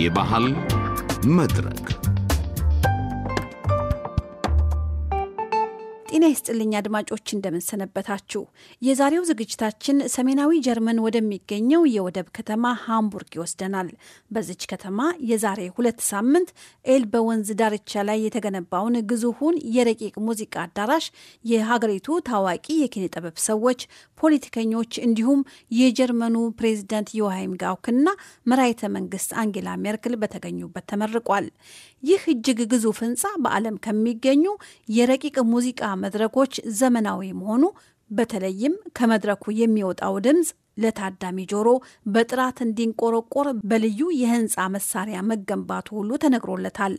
የባህል መድረክ ጤና ይስጥልኝ አድማጮች፣ እንደምንሰነበታችሁ። የዛሬው ዝግጅታችን ሰሜናዊ ጀርመን ወደሚገኘው የወደብ ከተማ ሃምቡርግ ይወስደናል። በዚች ከተማ የዛሬ ሁለት ሳምንት ኤል በወንዝ ዳርቻ ላይ የተገነባውን ግዙፉን የረቂቅ ሙዚቃ አዳራሽ የሀገሪቱ ታዋቂ የኪነ ጥበብ ሰዎች፣ ፖለቲከኞች እንዲሁም የጀርመኑ ፕሬዚዳንት ዮሃይም ጋውክና መራይተ መንግስት አንጌላ ሜርክል በተገኙበት ተመርቋል። ይህ እጅግ ግዙፍ ህንፃ በዓለም ከሚገኙ የረቂቅ ሙዚቃ መድረኮች ዘመናዊ መሆኑ በተለይም ከመድረኩ የሚወጣው ድምፅ ለታዳሚ ጆሮ በጥራት እንዲንቆረቆር በልዩ የህንፃ መሳሪያ መገንባቱ ሁሉ ተነግሮለታል።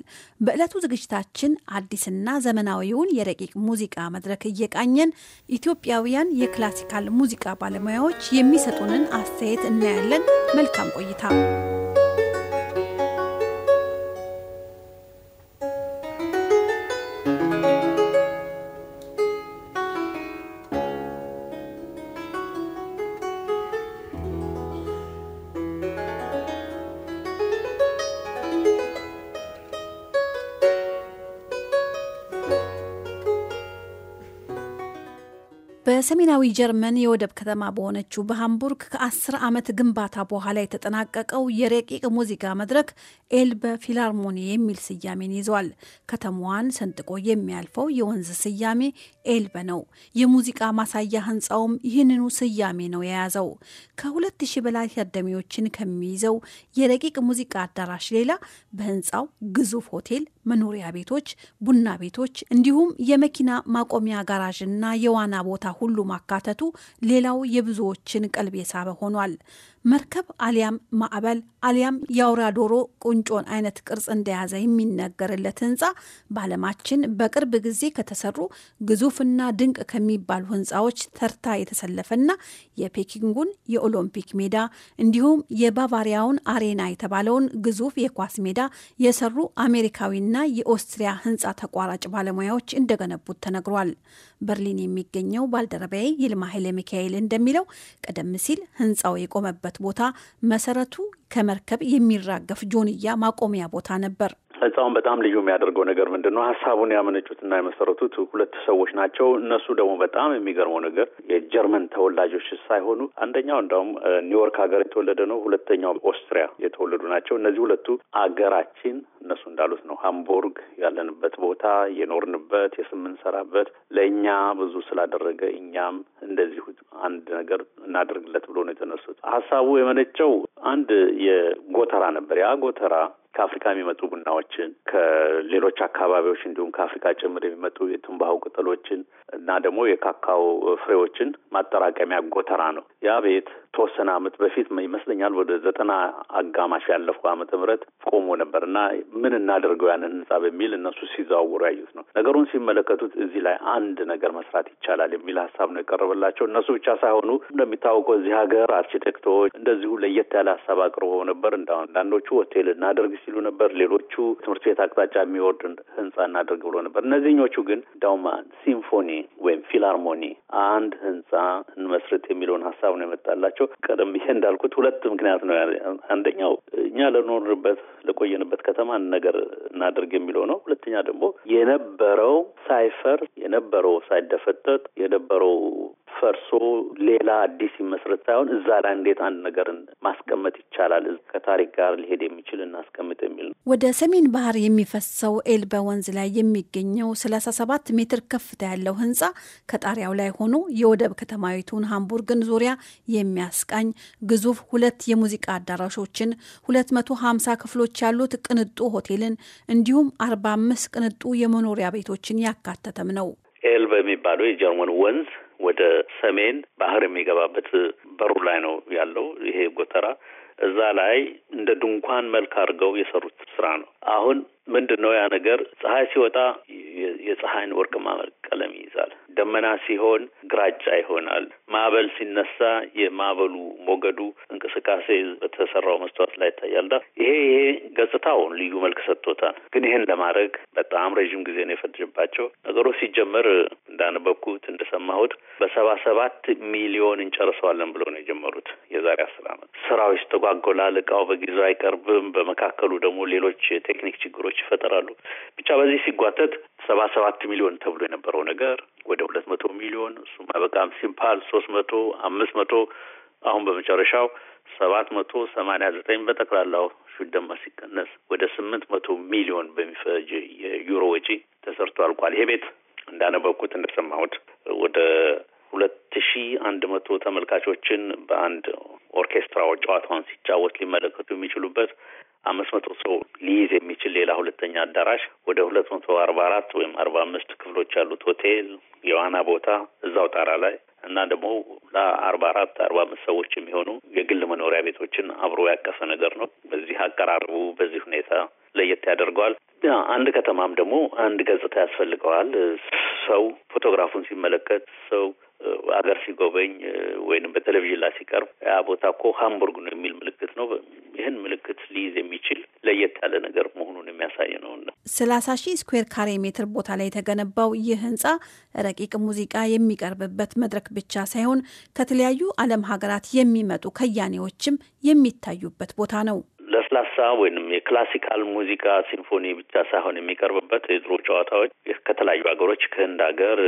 በዕለቱ ዝግጅታችን አዲስና ዘመናዊውን የረቂቅ ሙዚቃ መድረክ እየቃኘን ኢትዮጵያውያን የክላሲካል ሙዚቃ ባለሙያዎች የሚሰጡንን አስተያየት እናያለን። መልካም ቆይታ። በሰሜናዊ ጀርመን የወደብ ከተማ በሆነችው በሃምቡርግ ከአስር ዓመት ግንባታ በኋላ የተጠናቀቀው የረቂቅ ሙዚቃ መድረክ ኤልበ ፊላርሞኒ የሚል ስያሜን ይዟል። ከተማዋን ሰንጥቆ የሚያልፈው የወንዝ ስያሜ ኤልበ ነው። የሙዚቃ ማሳያ ህንፃውም ይህንኑ ስያሜ ነው የያዘው። ከሁለት ሺህ በላይ ታዳሚዎችን ከሚይዘው የረቂቅ ሙዚቃ አዳራሽ ሌላ በህንፃው ግዙፍ ሆቴል፣ መኖሪያ ቤቶች፣ ቡና ቤቶች እንዲሁም የመኪና ማቆሚያ ጋራዥ እና የዋና ቦታ ሁሉ ሁሉ ማካተቱ ሌላው የብዙዎችን ቀልብ የሳበ ሆኗል። መርከብ አሊያም ማዕበል አሊያም የአውራ ዶሮ ቁንጮን አይነት ቅርጽ እንደያዘ የሚነገርለት ህንፃ በዓለማችን በቅርብ ጊዜ ከተሰሩ ግዙፍና ድንቅ ከሚባሉ ህንፃዎች ተርታ የተሰለፈና የፔኪንጉን የኦሎምፒክ ሜዳ እንዲሁም የባቫሪያውን አሬና የተባለውን ግዙፍ የኳስ ሜዳ የሰሩ አሜሪካዊና የኦስትሪያ ህንፃ ተቋራጭ ባለሙያዎች እንደገነቡት ተነግሯል። በርሊን የሚገኘው ባልደረ ባልደረባዬ ይልማ ኃይለ ሚካኤል እንደሚለው ቀደም ሲል ህንፃው የቆመበት ቦታ መሰረቱ ከመርከብ የሚራገፍ ጆንያ ማቆሚያ ቦታ ነበር። እዛውን በጣም ልዩ የሚያደርገው ነገር ምንድን ነው? ሀሳቡን ያመነጩትና የመሰረቱት ሁለት ሰዎች ናቸው። እነሱ ደግሞ በጣም የሚገርመው ነገር የጀርመን ተወላጆች ሳይሆኑ አንደኛው እንደውም ኒውዮርክ ሀገር የተወለደ ነው፣ ሁለተኛው ኦስትሪያ የተወለዱ ናቸው። እነዚህ ሁለቱ አገራችን እነሱ እንዳሉት ነው። ሃምቡርግ ያለንበት ቦታ የኖርንበት የስምንሰራበት ለእኛ ብዙ ስላደረገ እኛም እንደዚሁ አንድ ነገር እናደርግለት ብሎ ነው የተነሱት። ሀሳቡ የመነጨው አንድ የጎተራ ነበር። ያ ጎተራ ከአፍሪካ የሚመጡ ቡናዎችን ከሌሎች አካባቢዎች እንዲሁም ከአፍሪካ ጭምር የሚመጡ የትንባሁ ቅጠሎችን እና ደግሞ የካካው ፍሬዎችን ማጠራቀሚያ ጎተራ ነው። ያ ቤት ተወሰነ ዓመት በፊት ይመስለኛል ወደ ዘጠና አጋማሽ ያለፈው አመተ ምህረት ቆሞ ነበር እና ምን እናደርገው ያንን ህንጻ በሚል እነሱ ሲዘዋውሩ ያዩት ነው። ነገሩን ሲመለከቱት እዚህ ላይ አንድ ነገር መስራት ይቻላል የሚል ሀሳብ ነው የቀረበላቸው። እነሱ ብቻ ሳይሆኑ እንደሚታወቀው እዚህ ሀገር አርኪቴክቶች እንደዚሁ ለየት ያለ ሀሳብ አቅርቦ ነበር። እንደ አንዳንዶቹ ሆቴል እናደርግ ሲሉ ነበር። ሌሎቹ ትምህርት ቤት አቅጣጫ የሚወርድ ህንጻ እናድርግ ብሎ ነበር። እነዚህኞቹ ግን ዳውማ ሲምፎኒ ወይም ፊላርሞኒ አንድ ህንጻ እንመስርት የሚለውን ሀሳብ ነው የመጣላቸው። ቀደም ብዬ እንዳልኩት ሁለት ምክንያት ነው። አንደኛው እኛ ለኖርንበት ለቆየንበት ከተማ አንድ ነገር እናድርግ የሚለው ነው። ሁለተኛ ደግሞ የነበረው ሳይፈር የነበረው ሳይደፈጠጥ የነበረው ፈርሶ ሌላ አዲስ ይመስረት ሳይሆን እዛ ላይ እንዴት አንድ ነገርን ማስቀመጥ ይቻላል፣ ከታሪክ ጋር ሊሄድ የሚችል እናስቀምጥ የሚል ነው። ወደ ሰሜን ባህር የሚፈሰው ኤልበ ወንዝ ላይ የሚገኘው ሰላሳ ሰባት ሜትር ከፍታ ያለው ህንጻ ከጣሪያው ላይ ሆኖ የወደብ ከተማይቱን ሃምቡርግን ዙሪያ የሚያስቃኝ ግዙፍ ሁለት የሙዚቃ አዳራሾችን፣ ሁለት መቶ ሀምሳ ክፍሎች ያሉት ቅንጡ ሆቴልን እንዲሁም አርባ አምስት ቅንጡ የመኖሪያ ቤቶችን ያካተተም ነው። ኤልበ የሚባለው የጀርመን ወንዝ ወደ ሰሜን ባህር የሚገባበት በሩ ላይ ነው ያለው ይሄ ጎተራ። እዛ ላይ እንደ ድንኳን መልክ አድርገው የሰሩት ስራ ነው። አሁን ምንድን ነው ያ ነገር? ፀሐይ ሲወጣ የፀሐይን ወርቅማ ቀለም ይይዛል። ደመና ሲሆን ግራጫ ይሆናል። ማዕበል ሲነሳ የማዕበሉ ሞገዱ እንቅስቃሴ በተሰራው መስተዋት ላይ ይታያል። ይሄ ይሄ ገጽታውን ልዩ መልክ ሰጥቶታል። ግን ይህን ለማድረግ በጣም ረዥም ጊዜ ነው የፈጀባቸው። ነገሩ ሲጀመር እንዳነበብኩት እንደሰማሁት በሰባ ሰባት ሚሊዮን እንጨርሰዋለን ብለው ነው የጀመሩት የዛሬ አስር ዓመት። ስራው ይስተጓጎላል፣ እቃው በጊዜው አይቀርብም። በመካከሉ ደግሞ ሌሎች የቴክኒክ ችግሮች ይፈጠራሉ። ብቻ በዚህ ሲጓተት ሰባ ሰባት ሚሊዮን ተብሎ የነበረው ነገር ወደ ሁለት መቶ ሚሊዮን እሱም አይበቃም ሲምፓል ሶስት መቶ አምስት መቶ አሁን በመጨረሻው ሰባት መቶ ሰማኒያ ዘጠኝ በጠቅላላው ሹደማ ሲቀነስ ወደ ስምንት መቶ ሚሊዮን በሚፈጅ የዩሮ ወጪ ተሰርቶ አልቋል። ይሄ ቤት እንዳነበብኩት እንደሰማሁት ወደ ሁለት ሺ አንድ መቶ ተመልካቾችን በአንድ ኦርኬስትራ ጨዋታውን ሲጫወት ሊመለከቱ የሚችሉበት አምስት መቶ ሰው ሊይዝ የሚችል ሌላ ሁለተኛ አዳራሽ ወደ ሁለት መቶ አርባ አራት ወይም አርባ አምስት ክፍሎች ያሉት ሆቴል፣ የዋና ቦታ እዛው ጣራ ላይ እና ደግሞ ለአርባ አራት አርባ አምስት ሰዎች የሚሆኑ የግል መኖሪያ ቤቶችን አብሮ ያቀፈ ነገር ነው። በዚህ አቀራረቡ በዚህ ሁኔታ ለየት ያደርገዋል። አንድ ከተማም ደግሞ አንድ ገጽታ ያስፈልገዋል። ሰው ፎቶግራፉን ሲመለከት ሰው አገር ሲጎበኝ ወይንም በቴሌቪዥን ላይ ሲቀርብ ያ ቦታ እኮ ሀምቡርግ ነው የሚል ምልክት ነው ይህን ምልክት ሊይዝ የሚችል ለየት ያለ ነገር መሆኑን የሚያሳይ ነው። ሰላሳ ሺህ ስኩዌር ካሬ ሜትር ቦታ ላይ የተገነባው ይህ ህንፃ ረቂቅ ሙዚቃ የሚቀርብበት መድረክ ብቻ ሳይሆን ከተለያዩ ዓለም ሀገራት የሚመጡ ከያኔዎችም የሚታዩበት ቦታ ነው። ለስላሳ ወይም የክላሲካል ሙዚቃ ሲምፎኒ ብቻ ሳይሆን የሚቀርብበት የድሮ ጨዋታዎች ከተለያዩ ሀገሮች ከህንድ ሀገር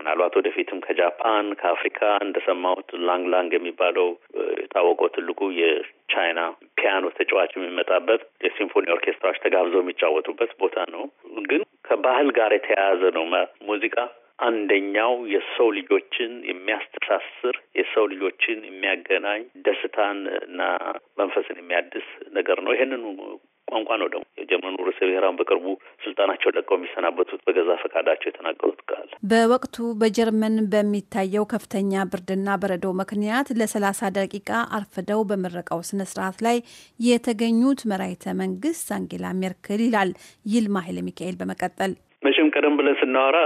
ምናልባት ወደፊትም ከጃፓን፣ ከአፍሪካ እንደሰማሁት ላንግ ላንግ የሚባለው የታወቀው ትልቁ ቻይና ፒያኖ ተጫዋች የሚመጣበት የሲምፎኒ ኦርኬስትራዎች ተጋብዘው የሚጫወቱበት ቦታ ነው። ግን ከባህል ጋር የተያያዘ ነው ሙዚቃ አንደኛው የሰው ልጆችን የሚያስተሳስር የሰው ልጆችን የሚያገናኝ ደስታን እና መንፈስን የሚያድስ ነገር ነው። ይህንኑ ቋንቋ ነው ደግሞ የጀርመኑ ርዕሰ ብሔራን በቅርቡ ስልጣናቸው ለቀው የሚሰናበቱት በገዛ ፈቃዳቸው የተናገሩት ቃል በወቅቱ በጀርመን በሚታየው ከፍተኛ ብርድና በረዶ ምክንያት ለሰላሳ ደቂቃ አርፍደው በምረቃው ስነ ስርዓት ላይ የተገኙት መራይተ መንግስት አንጌላ ሜርክል ይላል ይልማ ኃይለ ሚካኤል በመቀጠል መቼም ቀደም ብለን ስናወራ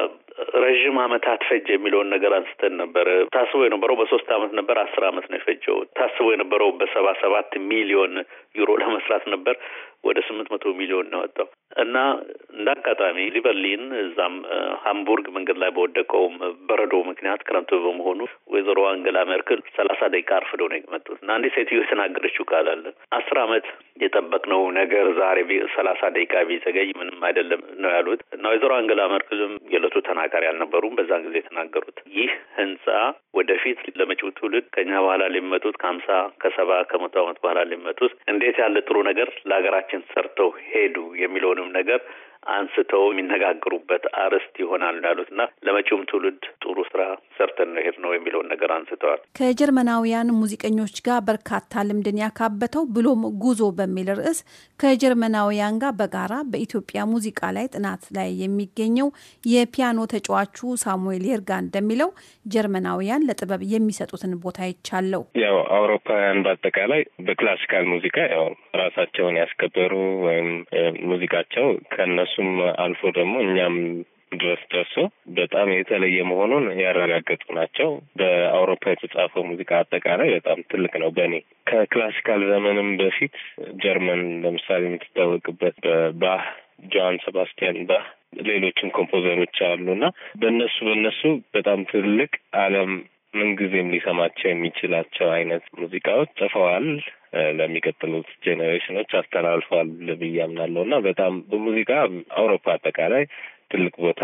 ረዥም ዓመታት ፈጀ የሚለውን ነገር አንስተን ነበረ። ታስቦ የነበረው በሶስት ዓመት ነበር፣ አስር ዓመት ነው የፈጀው። ታስቦ የነበረው በሰባ ሰባት ሚሊዮን ዩሮ ለመስራት ነበር፣ ወደ ስምንት መቶ ሚሊዮን ነው ወጣው እና እንደ አጋጣሚ ሊቨርሊን እዛም ሃምቡርግ መንገድ ላይ በወደቀው በረዶ ምክንያት ክረምት በመሆኑ ወይዘሮ አንገላ ሜርክል ሰላሳ ደቂቃ አርፍደው ነው የመጡት እና አንዲት ሴትዮ የተናገረችው ቃል አለ አስር ዓመት የጠበቅነው ነገር ዛሬ ሰላሳ ደቂቃ ቢዘገይ ምንም አይደለም ነው ያሉት እና ወይዘሮ አንገላ መርክዝም የዕለቱ ተናጋሪ አልነበሩም። በዛን ጊዜ የተናገሩት ይህ ህንጻ ወደፊት ለመጪው ትውልድ ከኛ በኋላ ሊመጡት ከሀምሳ ከሰባ ከመቶ ዓመት በኋላ ሊመጡት እንዴት ያለ ጥሩ ነገር ለሀገራችን ሰርተው ሄዱ የሚለውንም ነገር አንስተው የሚነጋገሩበት አርዕስት ይሆናል ያሉት እና ለመጪውም ትውልድ ጥሩ ስራ ሰርተን ነው ሄድ ነው የሚለውን ነገር አንስተዋል። ከጀርመናውያን ሙዚቀኞች ጋር በርካታ ልምድን ያካበተው ብሎም ጉዞ በሚል ርዕስ ከጀርመናውያን ጋር በጋራ በኢትዮጵያ ሙዚቃ ላይ ጥናት ላይ የሚገኘው የፒያኖ ተጫዋቹ ሳሙኤል የርጋ እንደሚለው ጀርመናውያን ለጥበብ የሚሰጡትን ቦታ ይቻለው። ያው አውሮፓውያን በአጠቃላይ በክላሲካል ሙዚቃ ያው ራሳቸውን ያስከበሩ ወይም ሙዚቃቸው ከነሱ ከእሱም አልፎ ደግሞ እኛም ድረስ ደርሶ በጣም የተለየ መሆኑን ያረጋገጡ ናቸው። በአውሮፓ የተጻፈው ሙዚቃ አጠቃላይ በጣም ትልቅ ነው። በእኔ ከክላሲካል ዘመንም በፊት ጀርመን ለምሳሌ የምትታወቅበት በባህ ጆሃን ሰባስቲያን ባህ ሌሎችም ኮምፖዘሮች አሉና በእነሱ በእነሱ በጣም ትልቅ ዓለም ምንጊዜም ሊሰማቸው የሚችላቸው አይነት ሙዚቃዎች ጽፈዋል፣ ለሚቀጥሉት ጄኔሬሽኖች አስተላልፏል ብዬ አምናለሁ እና በጣም በሙዚቃ አውሮፓ አጠቃላይ ትልቅ ቦታ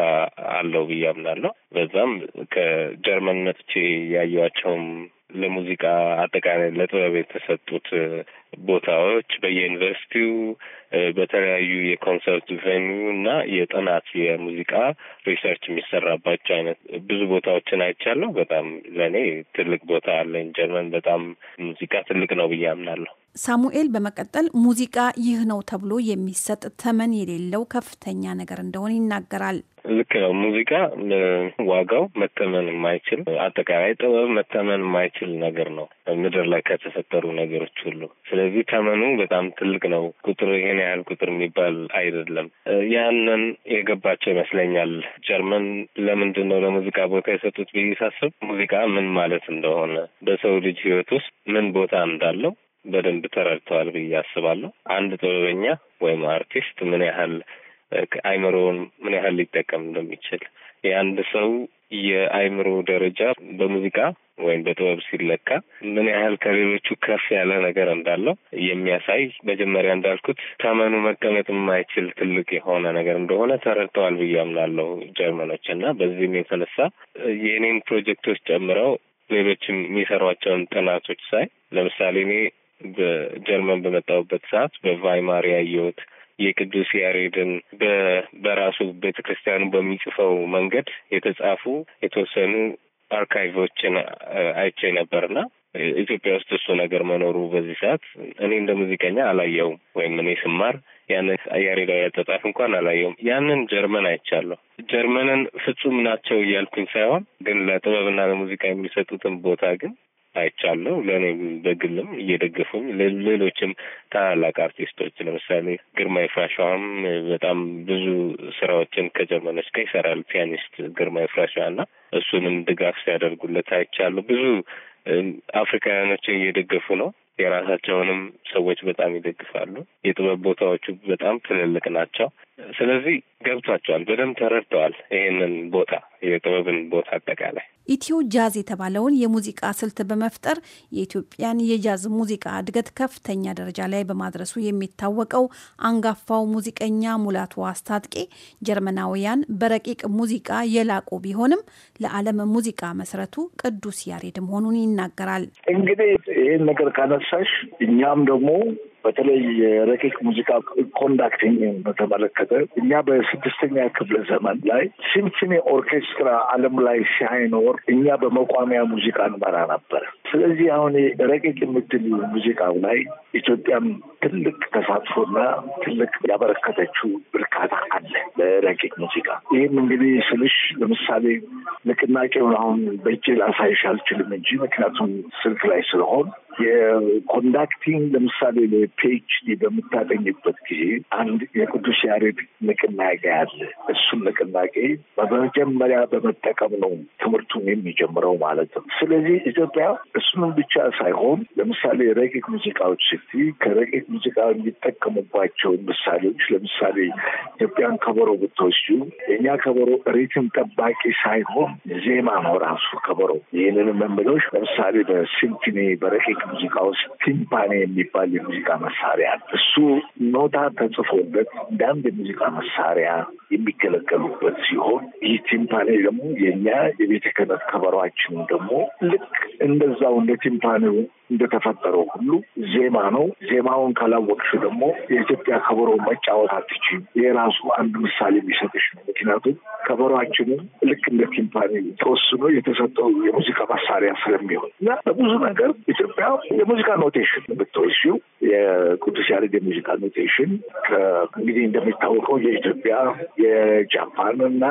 አለው ብዬ አምናለሁ። በዛም ከጀርመን መጥቼ ያየኋቸውም ለሙዚቃ አጠቃላይ ለጥበብ የተሰጡት ቦታዎች በየዩኒቨርሲቲው በተለያዩ የኮንሰርት ቬኒ እና የጥናት የሙዚቃ ሪሰርች የሚሰራባቸው አይነት ብዙ ቦታዎችን አይቻለሁ። በጣም ለእኔ ትልቅ ቦታ አለኝ። ጀርመን በጣም ሙዚቃ ትልቅ ነው ብዬ አምናለሁ። ሳሙኤል በመቀጠል ሙዚቃ ይህ ነው ተብሎ የሚሰጥ ተመን የሌለው ከፍተኛ ነገር እንደሆነ ይናገራል። ልክ ነው። ሙዚቃ ዋጋው መተመን የማይችል አጠቃላይ ጥበብ መተመን የማይችል ነገር ነው ምድር ላይ ከተፈጠሩ ነገሮች ሁሉ። ስለዚህ ተመኑ በጣም ትልቅ ነው። ቁጥር ይህን ያህል ቁጥር የሚባል አይደለም። ያንን የገባቸው ይመስለኛል። ጀርመን ለምንድን ነው ለሙዚቃ ቦታ የሰጡት ብዬ ሳስብ ሙዚቃ ምን ማለት እንደሆነ በሰው ልጅ ሕይወት ውስጥ ምን ቦታ እንዳለው በደንብ ተረድተዋል ብዬ አስባለሁ። አንድ ጥበበኛ ወይም አርቲስት ምን ያህል አይምሮውን ምን ያህል ሊጠቀም እንደሚችል የአንድ ሰው የአይምሮ ደረጃ በሙዚቃ ወይም በጥበብ ሲለካ ምን ያህል ከሌሎቹ ከፍ ያለ ነገር እንዳለው የሚያሳይ መጀመሪያ እንዳልኩት ተመኑ መቀመጥ የማይችል ትልቅ የሆነ ነገር እንደሆነ ተረድተዋል ብዬ አምናለሁ ጀርመኖች እና በዚህም የተነሳ የእኔን ፕሮጀክቶች ጨምረው ሌሎችም የሚሰሯቸውን ጥናቶች ሳይ ለምሳሌ እኔ በጀርመን በመጣሁበት ሰዓት በቫይማር ያየሁት የቅዱስ ያሬድን በራሱ ቤተ ክርስቲያኑ በሚጽፈው መንገድ የተጻፉ የተወሰኑ አርካይቮችን አይቼ ነበርና ኢትዮጵያ ውስጥ እሱ ነገር መኖሩ በዚህ ሰዓት እኔ እንደ ሙዚቀኛ አላየውም፣ ወይም እኔ ስማር ያንን ያሬዳዊ አጠጣፍ እንኳን አላየውም። ያንን ጀርመን አይቻለሁ። ጀርመንን ፍጹም ናቸው እያልኩኝ ሳይሆን ግን ለጥበብና ለሙዚቃ የሚሰጡትን ቦታ ግን አይቻለሁ። ለእኔ በግልም እየደገፉኝ ሌሎችም ታላላቅ አርቲስቶች ለምሳሌ ግርማ ይፍራሸዋም በጣም ብዙ ስራዎችን ከጀመረች እስከ ይሰራል ፒያኒስት ግርማ ይፍራሸዋ እና እሱንም ድጋፍ ሲያደርጉለት አይቻለሁ። ብዙ አፍሪካውያኖች እየደገፉ ነው። የራሳቸውንም ሰዎች በጣም ይደግፋሉ። የጥበብ ቦታዎቹ በጣም ትልልቅ ናቸው። ስለዚህ ገብቷቸዋል፣ በደንብ ተረድተዋል ይህንን ቦታ የጥበብን ቦታ አጠቃላይ። ኢትዮ ጃዝ የተባለውን የሙዚቃ ስልት በመፍጠር የኢትዮጵያን የጃዝ ሙዚቃ እድገት ከፍተኛ ደረጃ ላይ በማድረሱ የሚታወቀው አንጋፋው ሙዚቀኛ ሙላቱ አስታጥቄ ጀርመናውያን በረቂቅ ሙዚቃ የላቁ ቢሆንም ለዓለም ሙዚቃ መሰረቱ ቅዱስ ያሬድ መሆኑን ይናገራል። እንግዲህ ይህን ነገር ካነሳሽ እኛም ደግሞ በተለይ የረቂቅ ሙዚቃ ኮንዳክቲንግ በተመለከተ እኛ በስድስተኛ ክፍለ ዘመን ላይ ሲምፎኒ ኦርኬስትራ ዓለም ላይ ሳይኖር እኛ በመቋሚያ ሙዚቃ እንመራ ነበር። ስለዚህ አሁን ረቂቅ የምትል ሙዚቃው ላይ ኢትዮጵያም ትልቅ ተሳትፎና ትልቅ ያበረከተችው እርካታ አለ ለረቂቅ ሙዚቃ። ይህም እንግዲህ ስልሽ ለምሳሌ ንቅናቄውን አሁን በእጅ ላሳይሽ አልችልም እንጂ ምክንያቱም ስልክ ላይ ስለሆን የኮንዳክቲንግ ለምሳሌ ፒኤችዲ በምታገኝበት ጊዜ አንድ የቅዱስ ያሬድ ንቅናቄ አለ። እሱን ንቅናቄ በመጀመሪያ በመጠቀም ነው ትምህርቱን የሚጀምረው ማለት ነው። ስለዚህ ኢትዮጵያ እሱንም ብቻ ሳይሆን ለምሳሌ ረቂቅ ሙዚቃዎች ስቲ ከረቂቅ ሙዚቃ የሚጠቀሙባቸው ምሳሌዎች ለምሳሌ ኢትዮጵያን ከበሮ ብትወስዱ የእኛ ከበሮ ሪትም ጠባቂ ሳይሆን ዜማ ነው ራሱ ከበሮ። ይህንንም የምለው ለምሳሌ በሲምፎኒ በረቂቅ ሙዚቃ ውስጥ ቲምፓኒ የሚባል የሙዚቃ መሳሪያ እሱ ኖታ ተጽፎበት እንደ አንድ የሙዚቃ መሳሪያ የሚገለገሉበት ሲሆን ይህ ቲምፓኒ ደግሞ የኛ የቤተ ክህነት ከበሯችን ደግሞ ልክ እንደዛው እንደ ቲምፓኒው እንደተፈጠረው ሁሉ ዜማ ነው። ዜማውን ካላወቅሽ ደግሞ የኢትዮጵያ ከበሮ መጫወት አትችይም። የራሱ አንድ ምሳሌ የሚሰጥሽ ነው። ምክንያቱም ከበሯችንም ልክ እንደ ቲምፓኒ ተወስኖ የተሰጠው የሙዚቃ መሳሪያ ስለሚሆን እና በብዙ ነገር ኢትዮጵያ የሙዚቃ ኖቴሽን ብትወስጂው የቅዱስ ያሬድ የሙዚቃል ኖቴሽን እንግዲህ እንደሚታወቀው የኢትዮጵያ የጃፓን እና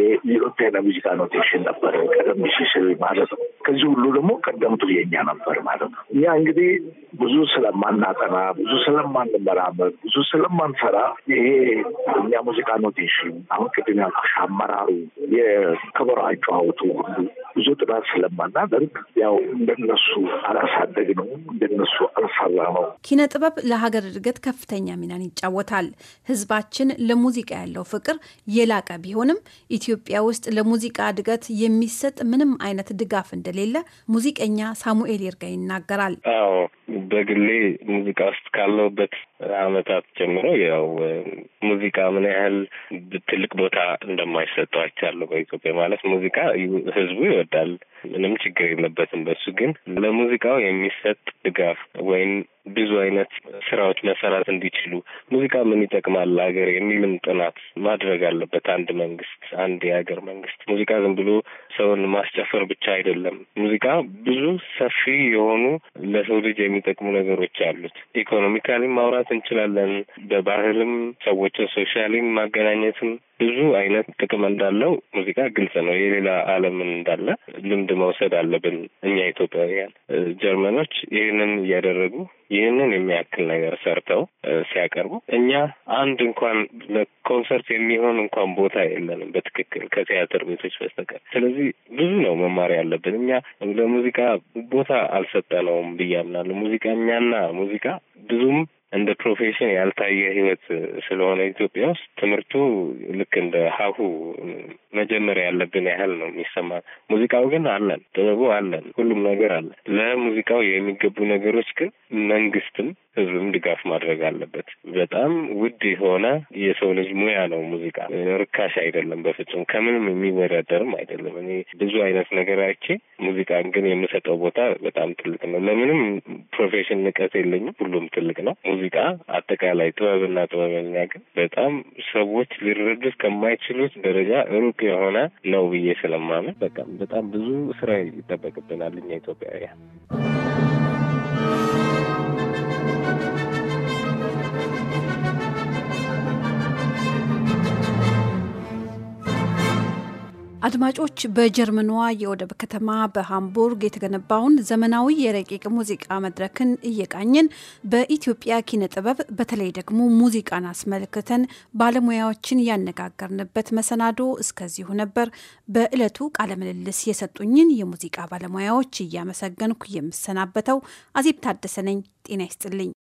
የኢሮፒያን ሙዚቃ ኖቴሽን ነበር ቀደም ሲስል ማለት ነው። ከዚህ ሁሉ ደግሞ ቀደምቱ የኛ ነበር ማለት ነው። እኛ እንግዲህ ብዙ ስለማናጠና፣ ብዙ ስለማንመራመር፣ ብዙ ስለማንሰራ ይሄ እኛ ሙዚቃ ኖቴሽን አሁን ቅድም ያልኩሽ አመራሩ የከበሮ አጨዋወቱ ሁሉ ብዙ ጥናት ስለማናደርግ ያው እንደነሱ አላሳደግ ነው እንደነሱ አልሰራ ነው። ጥበብ ለሀገር እድገት ከፍተኛ ሚናን ይጫወታል። ህዝባችን ለሙዚቃ ያለው ፍቅር የላቀ ቢሆንም ኢትዮጵያ ውስጥ ለሙዚቃ እድገት የሚሰጥ ምንም አይነት ድጋፍ እንደሌለ ሙዚቀኛ ሳሙኤል ይርጋ ይናገራል። አዎ በግሌ ሙዚቃ ውስጥ ካለውበት አመታት ጀምሮ ያው ሙዚቃ ምን ያህል ትልቅ ቦታ እንደማይሰጠው አይቻለሁ። በኢትዮጵያ ማለት ሙዚቃ ህዝቡ ይወዳል፣ ምንም ችግር የለበትም በሱ። ግን ለሙዚቃው የሚሰጥ ድጋፍ ወይም ብዙ አይነት ስራዎች መሰራት እንዲችሉ ሙዚቃ ምን ይጠቅማል ለሀገር የሚልም ጥናት ማድረግ አለበት አንድ መንግስት፣ አንድ የሀገር መንግስት። ሙዚቃ ዝም ብሎ ሰውን ማስጨፈር ብቻ አይደለም። ሙዚቃ ብዙ ሰፊ የሆኑ ለሰው ልጅ የሚጠቅሙ ነገሮች አሉት። ኢኮኖሚካሊ ማውራት ማግኘት እንችላለን። በባህልም ሰዎችን ሶሻሊም ማገናኘትም ብዙ አይነት ጥቅም እንዳለው ሙዚቃ ግልጽ ነው። የሌላ ዓለምን እንዳለ ልምድ መውሰድ አለብን እኛ ኢትዮጵያውያን። ጀርመኖች ይህንን እያደረጉ ይህንን የሚያክል ነገር ሰርተው ሲያቀርቡ እኛ አንድ እንኳን ለኮንሰርት የሚሆን እንኳን ቦታ የለንም በትክክል ከቲያትር ቤቶች በስተቀር። ስለዚህ ብዙ ነው መማር ያለብን። እኛ ለሙዚቃ ቦታ አልሰጠነውም ብዬ ሙዚቃ እኛና ሙዚቃ ብዙም እንደ ፕሮፌሽን ያልታየ ህይወት ስለሆነ ኢትዮጵያ ውስጥ ትምህርቱ ልክ እንደ ሀሁ መጀመሪያ ያለብን ያህል ነው የሚሰማ። ሙዚቃው ግን አለን፣ ጥበቡ አለን፣ ሁሉም ነገር አለን። ለሙዚቃው የሚገቡ ነገሮች ግን መንግስትም ህዝብም ድጋፍ ማድረግ አለበት። በጣም ውድ የሆነ የሰው ልጅ ሙያ ነው ሙዚቃ። ርካሽ አይደለም በፍጹም ከምንም የሚወዳደርም አይደለም። እኔ ብዙ አይነት ነገር አይቼ ሙዚቃን ግን የምሰጠው ቦታ በጣም ትልቅ ነው። ለምንም ፕሮፌሽን ንቀት የለኝም። ሁሉም ትልቅ ነው። ሙዚቃ አጠቃላይ ጥበብና ጥበበኛ ግን በጣም ሰዎች ሊረዱት ከማይችሉት ደረጃ ሩቅ የሆነ ነው ብዬ ስለማምን በጣም በጣም ብዙ ስራ ይጠበቅብናል እኛ ኢትዮጵያውያን። አድማጮች በጀርመኗ የወደብ ከተማ በሃምቡርግ የተገነባውን ዘመናዊ የረቂቅ ሙዚቃ መድረክን እየቃኘን በኢትዮጵያ ኪነ ጥበብ በተለይ ደግሞ ሙዚቃን አስመልክተን ባለሙያዎችን ያነጋገርንበት መሰናዶ እስከዚሁ ነበር። በዕለቱ ቃለምልልስ የሰጡኝን የሙዚቃ ባለሙያዎች እያመሰገንኩ የምሰናበተው አዜብ ታደሰ ነኝ። ጤና ይስጥልኝ።